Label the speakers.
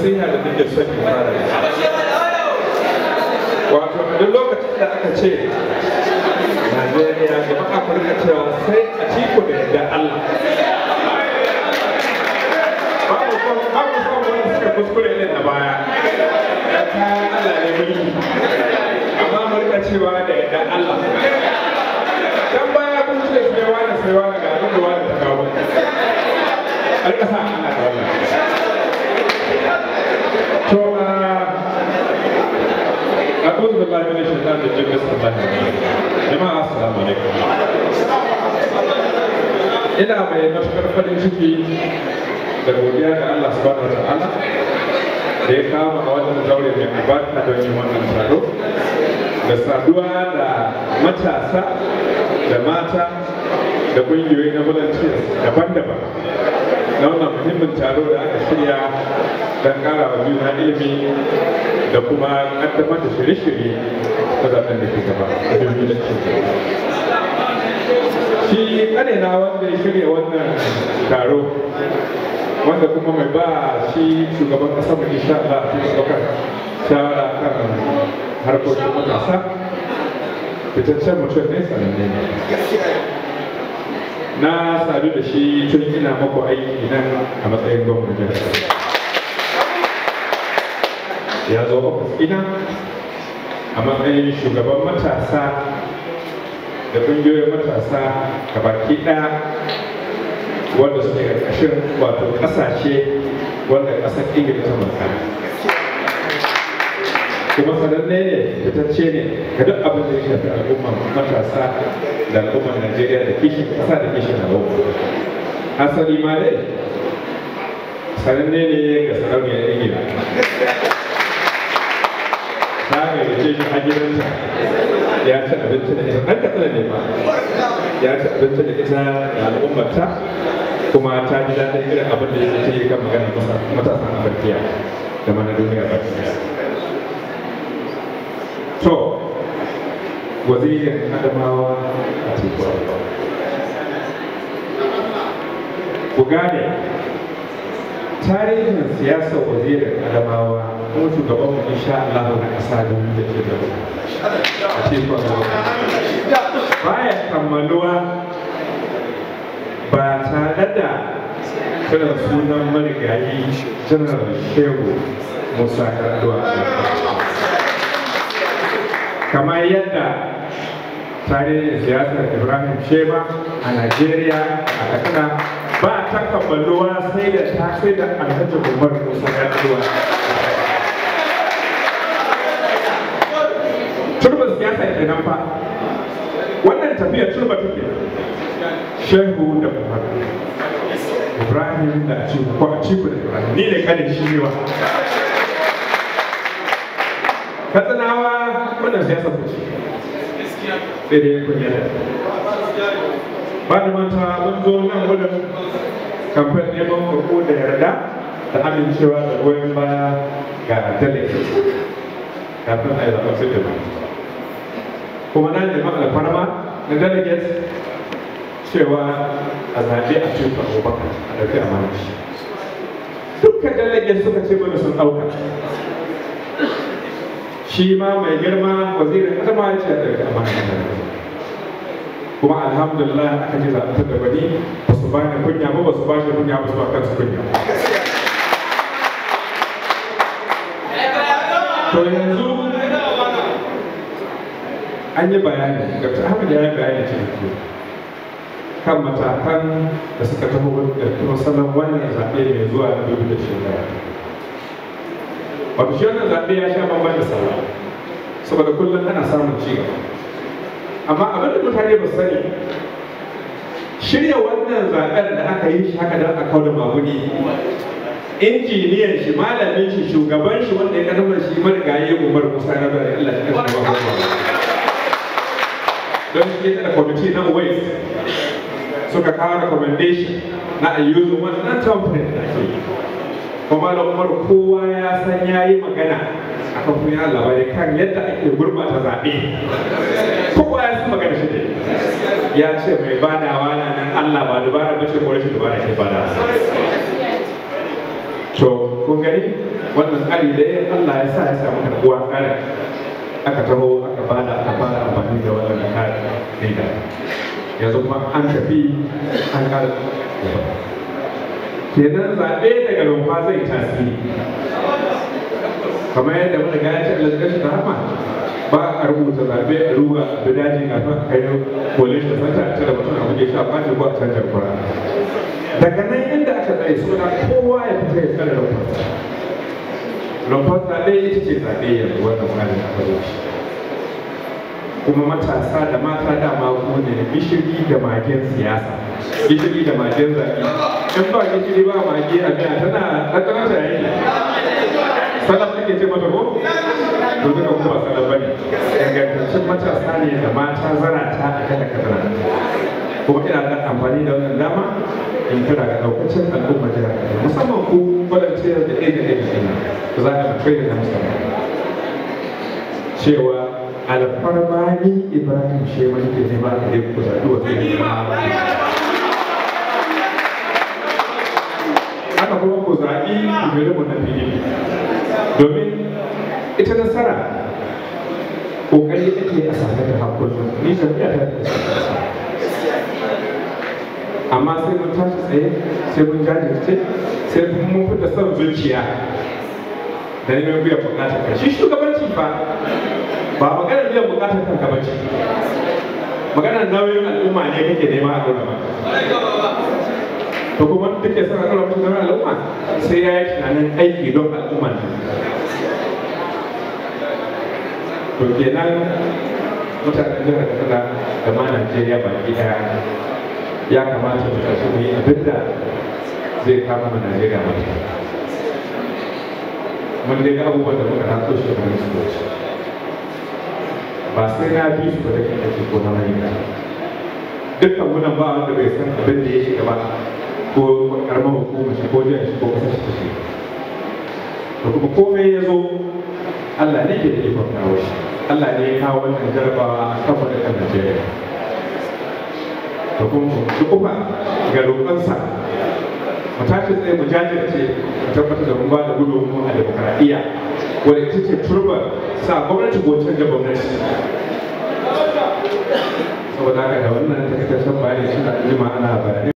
Speaker 1: nasiha da son wato duk lokacin da aka ce Najeriya da Afirka cewa sai a ciko da yadda Allah babu son wani suka kuskure ne baya da kayan Allah ne mulki amma cewa da yadda Allah can baya kun ce ta kawo a rika sa bismillahi ina mai matukar farin ciki da godiya ga Allah subhanahu wa ta'ala da ya kama a wannan daure mai albarka don yin wannan taro da saduwa da matasa da mata da ƙungiyoyi na volunteers daban-daban na wannan muhimmin taro da aka shirya don kara wa juna ilimi da kuma ƙaddamar da shirye-shirye ta zaɓen da ke gaba a jirgin da ke shi ƙanina wanda ya shirya wannan taro wanda kuma mai ba shi shugaban ƙasa mai insha Allah ta ɗaukar shawara kan harkokin matasa fitaccen mutum ne ne na sadu da shi tun ina mako aiki nan a matsayin gwamnati ya zo ofis ina a matsayin shugaban matasa da ƙungiyoyin matasa ga baki ɗaya wanda suke ƙarƙashin wato ƙasashe wanda ƙasar ingila ta mutane kuma sananne ne fitacce ne ga duk abin da ya shafi al'umman matasa da al'umman najeriya da kishin kasa da kishin a al'umma asali ma dai sananne ne ga sarauniyar ingila ta ce shi a gidanta ya ci abinci da ita ɗan kasa ne ma ya ci abinci da ita da al'ummarta kuma ta ji daɗin irin abin da ya ce kan magana matasan afirkiya da mana duniya baki daya to wazirin adamawa a teku ku gane tarihin siyasar wazirin adamawa kuma shugaban mu insha Allah na ƙasa da mu da ke da gaba a teku baya kammaluwa ba tare da kiran sunan marigayi janar shehu musa karduwa kamar yadda tarihin siyasar ibrahim sheba a najeriya a katsina ba ta kabbaluwa sai da ta sai da alhaji umar musa yaduwa turba siyasa kenan fa wannan tafiyar turba take shehu da muhammad ibrahim da a cikin ko a cikin ibrahim ni ne kanin shi ne wa katsinawa wannan siyasar ku sai dai kun yana ba da manta mun zo nan wurin kamfen neman kurku da yarda da amincewa da goyon baya ga talaka kafin a yi zaɓen su jama'a kuma na neman alfarma na delegates cewa a zaɓe a cikin abubakar a ɗauki amana shi dukkan delegates suka ce mana sun ɗauka shi ma mai girma wazirin ita ma ya ce daga amana kuma alhamdulillah aka ji zaɓatar da wani ba su bani kunya ba ba su ba shi kunya ba su ba kansu kunya to yanzu an yi bayani dr ahmad ya yi bayani da kan matakan da suka taho da kuma salon wannan zaɓe mai zuwa shekara wato shi wannan zaɓe ya sha bamban da sallah saboda kullum tana samun ci gaba amma abin da mutane ba sani shirya wannan zaɓen da aka yi shi haka don a kawo da injiniyan shi malamin shi shugaban shi wanda ya kadamar shi marigayi umar musa na bari allah shi kashe ba don shi ke da kwamiti na uwais suka kawo recommendation na ayyuzun wannan kamfanin da ake yi kuma da kowa ya san ya yi magana a kan kuma labarai kan yadda ake gurbata zaɓe kowa ya san magana shi ne ya ce mai badawa na nan allah ba dubara ba ce ko rashin dubara ke da. to kun gani wannan tsari da ya allah ya sa ya samu karbuwa tsarin aka taho aka bada aka fara amfani da wannan da yanzu kuma an tafi an kare kenan zaɓe daga rumfa zai tasiri kamar yadda muka ga ya ce alƙashi da hama ba a rubuta zaɓe a ruwa a bi daji na ta kai police da sata a cire mutum a kuke sha ba ko a canjar kura daga nan yadda aka zai suna kowa ya fita ya tsare rumfarsa Rumfa zaɓe ita ce zaɓe ya yanzu da wani na faruwa kuma matasa da mata dama ku ne bishiri da magen siyasa bishiri da magen zaɓe in ba gishiri ba magi a miya tana ɗanɗanar da yayi salaf kake ce mata ko to duka kuma salaf bane ingantaccen matasa ne da mata zana ta a kada kadara kuma ina da amfani da wannan dama in kira ga ɗaukacin al'umma jihar musamman ku volunteer da ɗaya da ɗaya ku za a yi kai da musamman cewa alfarmani ibrahim shema ne ke nema a ku zaɗi wasu aka kuma ku zaɓi kujerunmu na fili domin ita nasara ƙoƙari ake a sami ta hakullum ni jam'iyya ta amma sai mun tashi tsaye sai mun jajirce sai mun fi da son zuciya da neman biyan bukatar ka shi shugabanci fa ba maganar biyan bukatar kanka ba ce maganar nauyin al'umma ne kake nema a gaba to kuma duk ya sanar da mutum al'umma sai ya yi tunanin aiki don al'umman to kenan mutanen jihar kaduna da ma najeriya baki daya ya kamata mu tashi mu yi abin da zai kama ma najeriya mata mun dai abubuwan da muka taso shi kamar su wuce ba sai na bi su ba da kan ko na mai dukkan gudan ba wanda bai san abin da ya shiga ba ko karamar hukumar shi ko jihar shi ko kasar shi shi to kuma komai ya zo Allah ne ke da ikon kawo shi Allah ne ya kawo wannan jarabawa a kafa da kan Najeriya to kuma su kuma ga roƙonsa mu tashi tsaye mu jajirce mu tabbatar da mun ba da gudunmu a demokradiyya wadda ita ce turbar sa gwamnati ko canja gwamnati saboda haka da wannan takaitaccen bayani suna jima ana bayanai